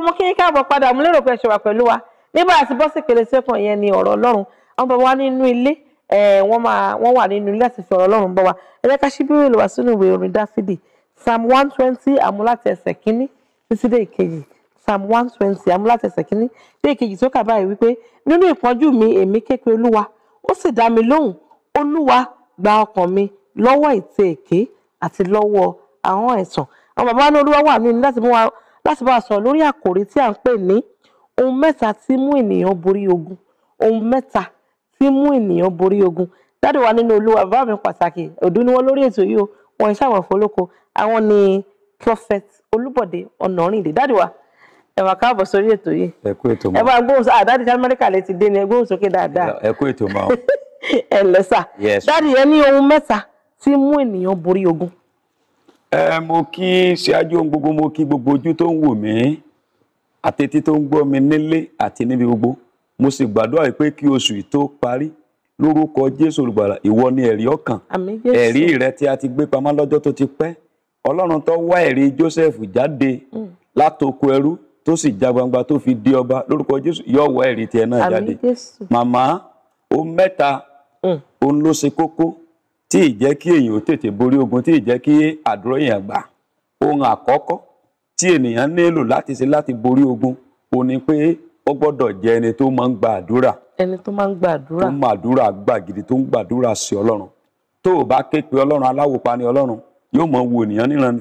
mo kí ní káàbọ̀ padà mo lérò pé ṣe wà pẹ̀lú wa nígbà tí bọ́sì pèlè sẹ́kàn yẹn ni ọ̀rọ̀ ọlọ́run àwọn bàbá wa nínú ilé wọ́n máa wọ́n wà nínú ilé àti fi ọ̀rọ̀ ọlọ́run bọ́ wa ẹ jẹ́ ká ṣí bíbélì ìlú wa sínú ìwé orin dáfídì psalm one twenty àmúláti ẹsẹ̀ kínní títí dé ìkejì psalm one twenty àmúláti ẹsẹ̀ kínní dé ìkejì tó kà báyìí wípé nínú ìpọ́njú mi èmi ké pe olúwa ó sì dá mi lóhùn olúwa gba ọkàn mi lọ́wọ́ ìtẹ̀ èké àti lọ́wọ́ ahọ́n ẹ̀tàn àwọn bàbá wa ní olúwa wà nínú láti mú wa láti bá a sọ̀rọ̀ lórí àkòrí tí à ń pè ní ohun mẹ́ta tí mú ènìyàn borí ogun ohun mẹ́ta tí mú ènìyàn borí ogun dáàdì wa nínú olúwa bàbá mi pàtàkì ọdún ni wọ́n lórí ètò yìí o wọ́n iṣẹ́ àwọn ìfowópamọ́ àwọn ni prophet olúbọ̀dé ọ̀nàrìndé dáàdì wa ẹ wà káàbọ̀ sórí ètò yìí ẹ kú ètò mọ́ ẹ bá gbóhùn sókè àdáàdì sí amẹ́ríkà lè ti dé ni ẹ gbóhùn sókè dáadáa ẹ kú ètò mọ́ ẹ lẹ́sà dáàdì yẹn ní ohun mẹ́ta tí mú ènìyàn borí ogun ẹ mo kí ṣáájú ohun gbogbo mo kí gbogbo ojú tó ń wò mí àtẹ́tí tó ń gbọ́ mi nílé àti níbi gbogbo mo sì gbàdúrà pé kí oṣù yìí tó parí lórúkọ jésù olùgbàlà ìwọ ni ẹ̀rí ọkàn ẹ̀rí rẹ tí a ti gbé pamọ́ lọ́jọ́ tó ti pẹ́ ọlọ́run tó wá ẹ̀rí joseph jáde mm. látoko ẹrú tó sì já gbangba tó fi di ọba lórúkọ jésù yọ wọ ẹ̀rí tiẹ̀ náà jáde màmá o mẹ́ta mm. òun ló ṣe kókó tí ì jẹ́ kí èèyàn ó tètè borí ogun tí ì jẹ́ kí àdúrà èèyàn gbà ohun àkọ́kọ́ tí ènìyàn nílò láti ṣe láti borí ogun ó ní pé ó gbọ́dọ̀ jẹ́ ẹni tó máa ń gba àdúrà ẹni tó máa ń gba àdúrà tó máa àdúrà gbà gidi tó ń gbàdúrà sí ọlọ́run tó o bá ké pe ọlọ́run aláwòpa ni ọlọ́run yóò mọ wo ènìyàn níran ni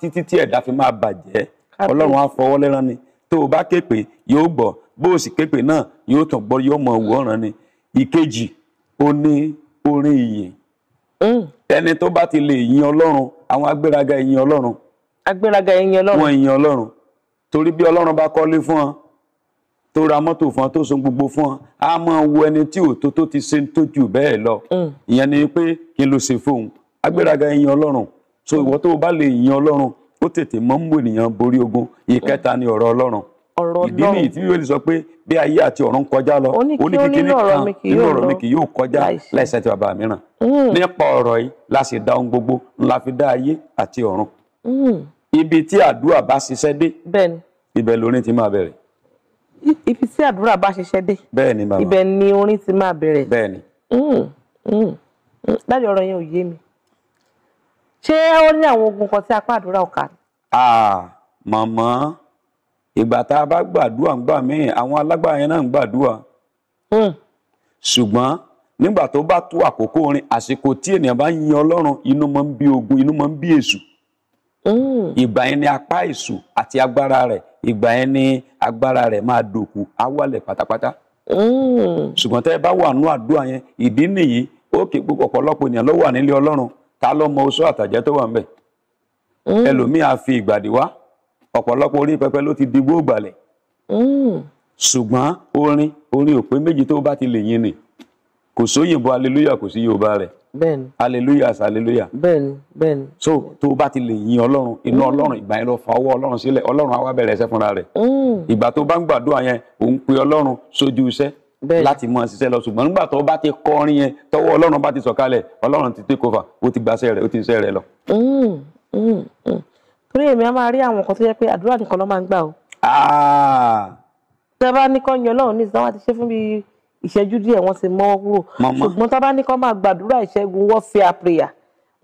títí tí ẹ̀dá fi máa bàjẹ́ ọlọ́run á fọwọ́ lẹ́ran ni tó o bá ké pe yóò gbọ́ bó o sì ké pe náà yóò tàn gbọ́ yóò mọ wò ọ̀ràn ni ìkejì ó ní orin ìyìn mm. ẹni tó bá ti lè yin ọlọ́run àwọn agbéraga yin ọlọ́run agbéraga yin ọlọ́run wọn yin ọlọ́run torí bí ọlọ́run bá kọ́lé fún ọ tó ra mọ́tò fún ọ tó so gbogbo fún ọ á máa wo ẹni tí òótọ́ tó ti ṣe ń tójú bẹ́ẹ̀ lọ mm. ìyẹn ni pé kí ló ṣe fóun agbéraga yin ọlọ́run so ìwọ tó o bá lè yin ọlọ́run ó tètè mọ́ mú ènìyàn borí ogun ìkẹta ni ọ̀rọ̀ ọlọ́run ọ̀rọ̀ náà ìdí nìyí tí yóò lè sọ pé bí ayé àti ọ̀run kọjá lọ ó ní kíkí ní kan nínú ọ̀rọ̀ mi kì yóò kọjá láìsẹ̀ tí bàbá mi ràn hmm. nípa ọ̀rọ̀ yìí la sì dá ohun gbogbo ńlá fi dá ayé àti ọ̀run hmm. ibi tí àdúrà bá ṣiṣẹ́ dé ibẹ̀ lórin ti máa bẹ̀rẹ̀. ibi tí àdúrà bá ṣiṣẹ́ dé ibẹ̀ ni orin ti máa bẹ̀rẹ̀ bẹ́ẹ̀ni láti hmm. ọ̀rọ̀ yẹn ò yé mi ṣé ó ní àwọn ogun kan tí apá àdúrà ọ̀kà. ah màmá ìgbà tá a bá gbàdúrà ń gbà míì àwọn alágbára yẹn náà ń gbàdúrà hmm. ṣùgbọ́n nígbà tó bá tó àkókò orin àsìkò tí ènìyàn bá yin Ọlọ́run inú máa ń bí ogun inú máa ń bí èṣù hmm. ìgbà yẹn ni apá èṣù àti agbára rẹ̀ ìgbà yẹn ni agbára rẹ̀ máa dòkú á wálẹ̀ pátápátá hmm. ṣùgbọ́n tẹ́ ẹ bá wà nú àdúrà yẹn ìdí nìyí ó kì í púpọ̀ ọ̀pọ̀lọpọ̀ ènìyàn ló wà nílé Ọlọ́run ta ló mọ oṣó àtàjẹ́ tó wà ń bẹ̀ ẹlòmíì á fi ìgbàdí wá ọ̀pọ̀lọpọ̀ orí pẹpẹ ló ti di gbóògbàlẹ̀ mm. ṣùgbọ́n orin orin òpé méjì tó bá ti lè yin ni kò sóyìnbó hallelujah kò sí yorùbá rẹ̀ bẹ́ẹ̀ni hallelujah sí so tó o bá ti lè yin ọlọ́run inú mm. ọlọ́run ìgbà yẹn lọ fa ọwọ́ ọlọ́run sílẹ̀ ọlọ́run á wá bẹ̀rẹ̀ iṣẹ́ fúnra rẹ̀ mm. ìgbà tó bá ń gbàdúrà yẹn òun pe ọlọ́run sójú iṣẹ́ láti mọ ṣiṣẹ́ lọ ṣùgbọ́n nígbà tó bá ti kọrin yẹn tọwọ́ ọlọ́run bá ti sọ̀kalẹ̀ ọlọ́run ti take ó ti gbaṣẹ́ rẹ̀ ó ti ṣiṣẹ́ rẹ̀ lọ torí èmi á máa rí àwọn nǹkan tó yẹ pé àdúrà nìkan ló máa ń gbà o. Ah. tẹ bá ní kán yan Ọlọ́run ní ìsìn wọn ti ṣe fún mi ìṣẹ́jú díẹ̀ wọ́n ti mọ́ kúrò ṣùgbọ́n tá a bá ní kán máa gbàdúrà ìṣẹ́gun warfare prayer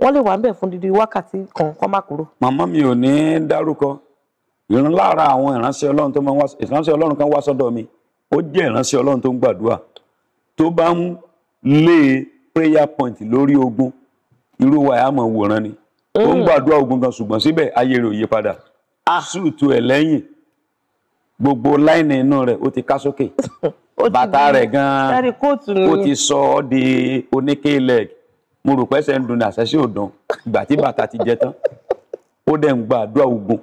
wọ́n lè wà ń bẹ̀ fún dídí wákàtí kan kán má kúrò. màmá mi ò ní dárúkọ ìran lára àwọn ìránṣẹ́ Ọlọ́run tó máa ń wá kan wá sọ́dọ̀ mi ó jẹ́ ìránṣẹ́ Ọlọ́run tó ń gbàdúrà tó bá ń lé prayer point lórí ogun irú wa yà máa wòran ni ó ń mm. gbàdúrà ogun kan ṣùgbọ́n síbẹ̀ ayé rẹ̀ ò yí padà ṣùtù ah. ẹ̀ lẹ́yìn gbogbo láìní inú rẹ̀ ó ti ká sókè bàtà rẹ̀ gan-an ó ti sọ ọ́ di oníke leg mo rò pẹ́sẹ̀ ń dun ní àṣẹ́sí òdàn ìgbà tí bàtà ti jẹ tán ó dẹ̀ ń gbàdúrà ogun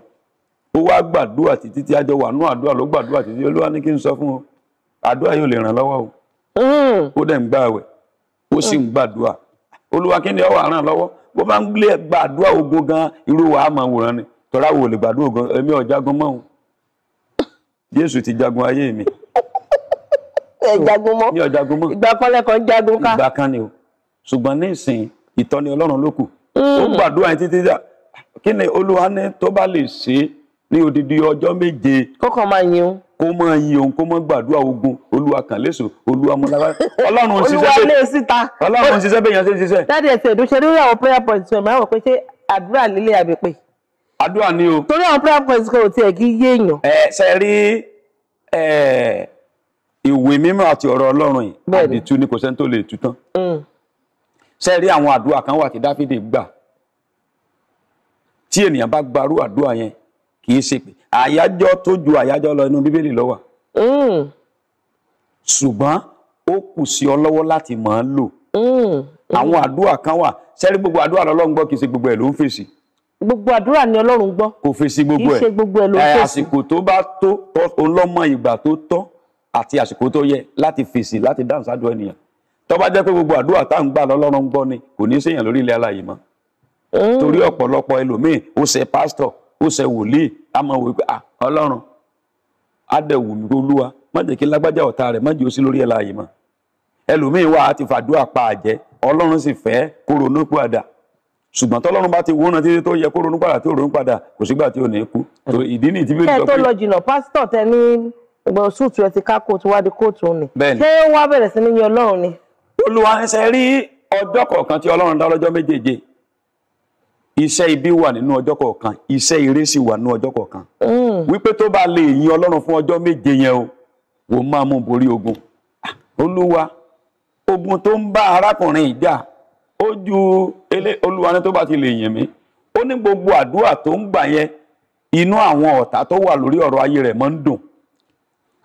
ó wá gbàdúrà títí tí ajọ wà nú àdúrà ló gbàdúrà títí olúwa ní kí n sọ fún ọ àdúrà yóò lè ràn lọ́wọ́ o mm. ó dẹ̀ ń gbààwẹ̀ ó sì ń gbàdúrà olúwa kí ni ọ wà ràn lọ́wọ́ bó bá ń gbé gbàdúrà ogun gan irú wa máa wòran ni tọ́ra wo lè gbàdúrà ogun èmi ò jagun mọ́ òun Jésù ti jagun ayé mi. ẹ jagun mọ́ ìgbà kan lẹ́kọ̀ọ́ jagun ká. ìgbà kan ni o ṣùgbọ́n ní ìsìn ìtọ́ni Ọlọ́run ló kù ó mm. gbàdúrà yẹn títí dà kí ni olúwa ní tó bá lè ṣe é ní odidi ọjọ́ méje. kókàn máa yin o. kó máa yin òun kó máa gbàdúrà ogun olúwa kàn léso olúwa mọlára ọlọ́run ń ṣiṣẹ́ olúwa lè e síta ọlọ́run ń ṣiṣẹ́ bẹ́ẹ̀ yẹn ṣe ń ṣiṣẹ́. dáàdi ẹ̀sìn ìdúṣe lórí àwọn prayer points wọn máa wọ̀ pé ṣé àdúrà líle àbí àdúrà ni o. torí àwọn prayer points kan tiẹ̀ kí yé èèyàn. ẹ ṣe rí ìwé mímọ́ àti ọ̀rọ̀ ọlọ́run yìí àdìtú ni kò sẹ́ni tó lè tú tán. Mm. ṣe rí àwọn àdúrà kan wà tí dáfídì gbà tí ènìyàn bá gbarú àdúrà yẹn kì í ṣe pé àyájọ́ tó ju àyájọ́ lọ inú bíbélì ló wà. Hmm. ṣùgbọ́n ó kù sí ọ lọ́wọ́ láti mọ̀ ọ́n lò. Hmm. àwọn àdúrà kan wà sẹ́rí gbogbo àdúrà lọ́lọ́run gbọ́ kì í ṣe gbogbo ẹ̀ ló ń fèsì. gbogbo àdúrà ni ọlọ́run gbọ́. kò fèsì gbogbo ẹ̀ kì í ṣe gbogbo ẹ̀ ló ń fèsì. àsìkò tó bá tó ọlọ́mọ ìgbà tó tọ́ àti àsìkò tó yẹ láti fèsì láti jẹ́ pé gbogbo àdúrà tá à ń gbà lọ́lọ́run gbọ́ ni kò ní í ṣèyàn lórí ilẹ̀ alààyè mọ́ hmm. torí ọ̀pọ̀lọpọ̀ ẹlòmíì ó ṣe pásítọ̀ ó ṣe wòlíì a máa wò pé ọlọ́run á dẹ̀ wù mí olúwa má jẹ́ kí lágbájá ọ̀tá rẹ̀ má jẹ́ ó sí lórí ẹ̀ láàyè mọ́ ẹlòmíín wà á ti fàdúrà pa àjẹ́ ọlọ́run sì fẹ́ kó ronú padà ṣùgbọ́n tọ́lọ́run bá ti wóná títí tó yẹ kó ronú padà tí ò ronú padà kò sígbà tí ò ní kú ìdí nìyí tí bí ó tó lọ jìnnà pásítọ̀ tẹ ní ìgbọ̀n súùtù ẹ ti ká kóòtù wá di kóòtù ni ṣé wàá bẹ̀rẹ̀ sí ní yin ọlọ́run ni. olúwa ẹsẹ̀ rí ọjọ́ kọ̀ọ̀kan tí ọlọ́run dá lọ́jọ́ méjèèje iṣẹ́ ibi wà nínú ọjọ́ kọ̀ọ̀kan iṣẹ́ ire sì wà nínú ọjọ́ kọ̀ọ̀kan mm. wípé tó bá lè yin ọlọ́run fún ọjọ́ méje yẹn o wò máa mú borí ogun ah, olúwa ogun tó ń bá arákùnrin ìjà ó ju olúwa ní tó bá ti lè yìn mí ó ní gbogbo àdúrà tó ń gbà yẹn inú àwọn ọ̀tá tó wà lórí ọ̀rọ̀ ayé rẹ̀ máa ń dùn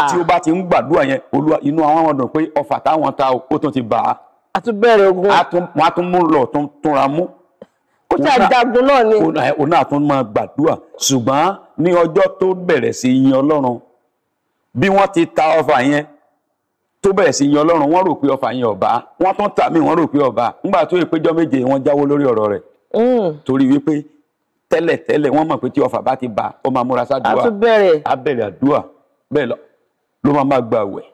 ah. tí ó bá ti ń gbàdúrà yẹn olúwa inú àwọn ọmọdé pé ọfà táwọn ta ó tún ti bà á. a tún bẹ̀rẹ̀ ogun. a tún mú lọ tún túnra mú ó ṣàjagun náà ni. òun náà tún máa gbàdúrà ṣùgbọ́n ní ọjọ́ tó bẹ̀rẹ̀ sí yin ọlọ́run bí wọ́n ti ta ọfà yẹn tó bẹ̀rẹ̀ sí yin ọlọ́run wọ́n rò pé ọfà yẹn ọba wọ́n tún tà mí wọ́n rò pé ọba nígbà tó ìpéjọ méje wọ́n jáwọ́ lórí ọ̀rọ̀ rẹ̀ hmm. torí wípé tẹ́lẹ̀ tẹ́lẹ̀ wọ́n mọ̀ pé tí ọfà bá ti ba ó máa múra sádùúà á bẹ̀rẹ̀ àdúà bẹ́ẹ̀ lọ ló máa máa gbààwẹ̀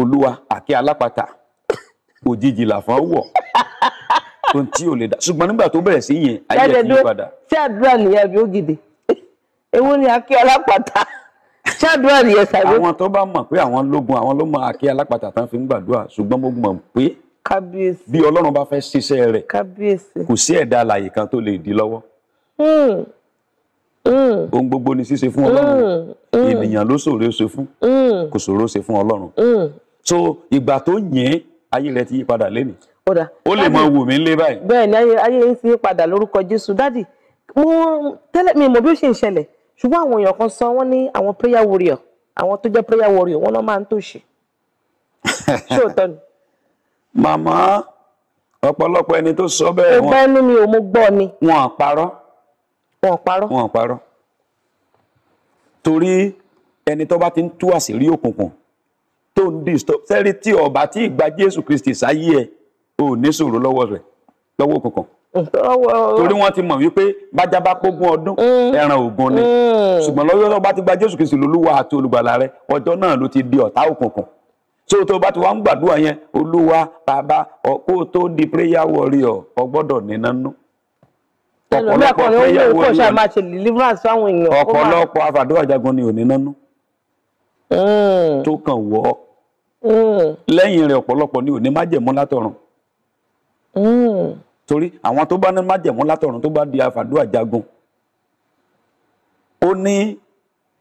olúwa àkẹ́ alápatà òjijì làfọ́n wọ̀ tó tí ò lè dá ṣùgbọ́n nígbà tó bẹ̀rẹ̀ sí yẹn ayé ẹ̀ kì í padà. ṣáàdúrà nìyẹn àbí ògìdì ewu ni akí alápàtà ṣáàdúrà nìyẹn ṣàbí. àwọn tó bá mọ̀ pé àwọn lógun àwọn ló mọ akí alápàtà tán fi ń gbàdúrà ṣùgbọ́n mo mọ̀ pé kábíyèsí bí ọlọ́run bá fẹ́ ṣiṣẹ́ rẹ̀ kábíyèsí kò sí ẹ̀dá alààyè kan tó lè dí lọ́wọ́ hmm. Hmm. ohun gbogbo ni ṣíṣe fún ọlọ́run hmm. ènìyàn ló ṣòro ṣe fún kò ṣòro so ìgbà tó yẹn ayé rẹ ti ó lè mọ wù mí lé báyìí. bẹ́ẹ̀ni ayé ayé yín ti padà lórúkọ Jésù dádì mo tẹ́lẹ̀ mi mọ̀ bí ó ṣe ń ṣẹlẹ̀ ṣùgbọ́n àwọn èèyàn kan sọ wọ́n ní àwọn prayer warrior àwọn tó jẹ́ prayer warrior wọ́n náà máa ń tòṣì ṣé òótọ́ ni. màmá ọ̀pọ̀lọpọ̀ ẹni tó sọ bẹ́ẹ̀ wọn. ẹgbẹ́ inú mi ò mo gbọ́ ni. wọn ò parọ́. wọn ò parọ́. wọn ò torí ẹni tó bá ti ń tú àṣírí òkùnkùn tó ń disturb sẹ́rí tí ọba tí ìgbà Jésù Kristi sáyé ẹ̀ o ò ní sòrò lọ́wọ́ rẹ̀ lọ́wọ́ òkùnkùn eh, torí wọ́n ti mọ̀ wípé bájá bá pógún ọdún mm. ẹran ògùn ni mm. ṣùgbọ́n lọ́wọ́ tó bá ti gba Jésù Kristi lolúwa àti olùgbàlà rẹ̀ ọjọ́ náà ló ti di ọ̀tá òkùnkùn tí o tó bá ti wá ń gbàdúrà yẹn olúwa bàbá kó o tó di prayer warrior ọ gbọ́dọ̀ nínú nú ọ̀pọ̀lọpọ̀ prayer warrior ọ̀pọ̀lọpọ̀ afàdúrà jagun ni ò nínú nú mm. tó kàn wọ́ lẹ́yìn rẹ̀ ọ̀pọ̀lọpọ̀ ni ò ní látọ̀run torí àwọn tó bá ní májẹ̀mú látọ̀run tó bá di àfàdúrà jagun ó ní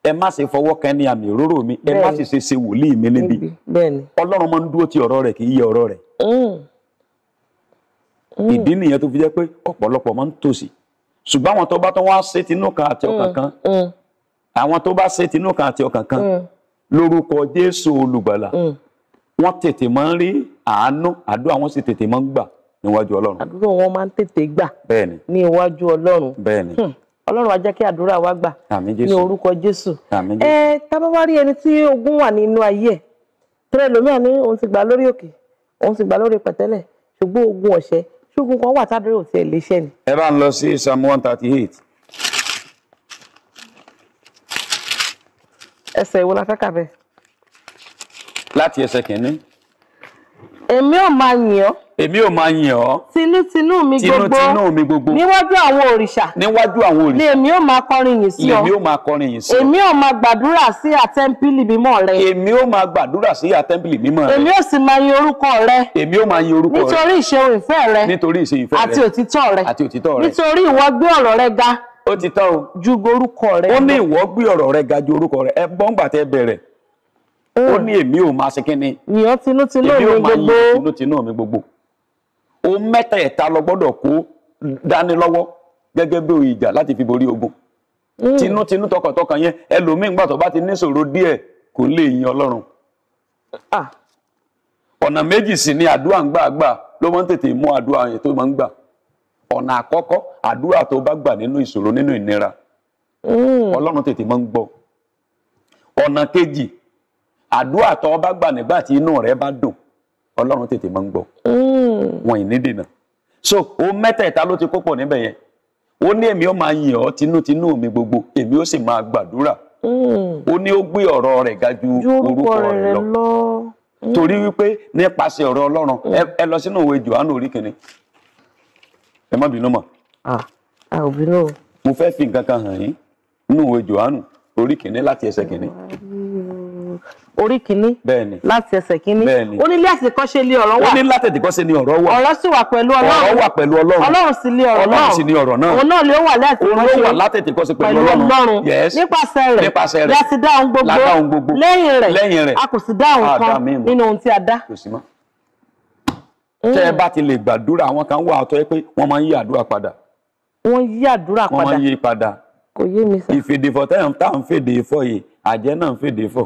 ẹ má ṣe fọwọ́ kan ní àmì òróró mi ẹ má sì ṣe ṣe wòlíì mi níbi ọlọ́run máa ń dúró ti ọ̀rọ̀ rẹ̀ kì í yẹ ọ̀rọ̀ rẹ̀ mm. ìdí nìyẹn tó fi jẹ́ pé ọ̀pọ̀lọpọ̀ máa ń tòṣì ṣùgbọ́n àwọn tó bá tó wá ṣe tinú kan àti ọkàn mm, kan mm. àwọn tó bá ṣe tinú kan àti ọkàn kan lórúkọ Jésù olùgbàlà wọ́n tètè máa ń rí àánú àdúrà wọn sì tètè máa ń gbà níwájú ọlọ́run. àdúrà wọn máa ń tètè gbà. bẹ́ẹ̀ni ní iwájú ọlọ́run. bẹ́ẹ̀ni hmm. ọlọ́run á jẹ́ kí àdúrà wa gbà. àmín jésù ní orúkọ jésù. àmín jésù. ẹ tábà wá rí ẹni tí ogun wà nínú ayé ẹ tẹ́lẹ̀ lómìnira ní òun ti gbà lórí òkè òun ti gbà lórí pẹ̀tẹ́lẹ̀ ṣùgbọ́n ogun ọ̀sẹ̀ ṣùgbọ́n kan wà tádúrà òtí ẹ̀ léṣẹ́ ni. ẹ bá ń lọ sí psalm one thirty eight. ẹsẹ̀ ìwo la fẹ́ kà bẹ́ẹ̀. láti ẹsẹ̀ kìíní. èmi ò máa yìn ọ́ èmi ò máa yìn ọ́. tinútinú mi gbogbo tinútinú mi gbogbo níwájú àwọn òrìṣà níwájú àwọn òrìṣà lèmi ò máa kọrin yìn sí ọ lèmi ò máa kọrin yìn sí ọ èmi ò máa gbàdúrà sí àtẹ́ńpìlì mímọ́ rẹ èmi ò máa gbàdúrà sí àtẹ́ńpìlì mímọ́ rẹ èmi ò sì máa yin orúkọ rẹ èmi ò máa yin orúkọ rẹ nítorí ìṣeun ìfẹ́ rẹ nítorí ìṣe ìfẹ́ rẹ àti òtítọ́ rẹ àti òtítọ́ rẹ nítorí ìwọ gbé ọ̀rọ̀ rẹ ga ó ti tán o ju orúkọ rẹ ó ní ìwọ gbé ọ̀rọ̀ rẹ ga ju orúkọ rẹ ẹ bọ́ǹgbà tẹ bẹ̀rẹ̀ ó ní èmi ò máa ṣe kínní èmi ò máa yin tinútinú mi gbogbo ohun mẹ́tẹ̀ẹ̀ta lọ gbọ́dọ̀ kó dání lọ́wọ́ gẹ́gẹ́ bí ìjà láti fi borí ogun hmm. tinútinú tọkàntọkàn yẹn ẹlòmíín gbà bá ti níṣòro díẹ̀ kò lè yin Ọlọ́run ah. ọ̀nà méjì sì ni àdúrà ń gbà gbà ló máa ń tètè mú àdúrà yẹn tó máa ń gbà ọ̀nà àkọ́kọ́ àdúrà tó bá gbà nínú ìṣòro nínú ìnira hmm. Ọlọ́run tètè máa ń gbọ́ ọ̀nà kejì àdúrà tó bá gbà nígbà tí inú rẹ bá tètè máa ń hmm. wọn ì ní dènà so ó mẹ́tẹ̀ẹ̀ta ló ti kópọ̀ níbẹ̀ yẹn ó ní èmi ó máa yìn ọ́ tinútinú mi gbogbo èmi ó sì máa gbàdúrà hmm. ó ní ó gbé ọrọ rẹ ga ju orúkọ rẹ̀ lọ torí hmm. wípé nípasẹ̀ ọ̀rọ̀ Ọlọ́run ẹ lọ sínú ìwé Jòhánù orí kìíní ẹ má bínú mọ́. mo fẹ́ fi nǹkan kan hàn yín nínú ìwé Jòhánù orí kìíní láti ẹsẹ̀ kìíní. orí kìíní láti ẹsẹ̀ kìíní ó ní láti kọ́ ṣe lé ọ̀rọ̀ wà ó ní ni kọ́ ṣe ní ọ̀rọ̀ wà ọ̀rọ̀ sì wà pẹ̀lú ọlọ́run ọ̀rọ̀ wà pẹ̀lú ọlọ́run ọlọ́run sì ní ọ̀rọ̀ náà ọlọ́run sì ní ọ̀rọ̀ náà òun náà ló wà láti kọ́ ṣe wà láti kọ́ ṣe pẹ̀lú ọlọ́run nípasẹ̀ rẹ̀ nípasẹ̀ rẹ̀ láti dá ohun gbogbo lẹ́yìn rẹ̀ lẹ́yìn rẹ̀ a kò sì dá ohun kan nínú ohun tí a dá tẹ́ ẹ bá ti lè gbàdúrà àwọn kan wà tó yẹ pé wọ́n máa ń yí àdúrà padà wọ́n yí àdúrà padà wọ́n máa ń yí padà kò yé mi sá ìfèdèfọ̀ tẹ́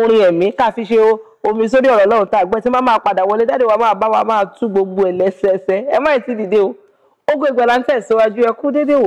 orin ẹ̀mí ká fi ṣe omi sórí ọ̀rọ̀ lọ́run tá a gbẹ́ tí má máa padà wọlé dáàdi wa máa bá wa máa tú gbogbo ẹ̀ lẹ́sẹẹsẹ ẹ má ì tí dìde o Ògo Ìgbàlà ń tẹ̀síwájú ẹ kú déédéé wò.